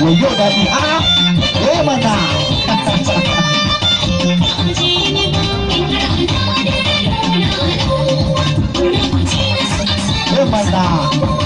我又得比啊，哥们儿呐，哈哈哈哈哈，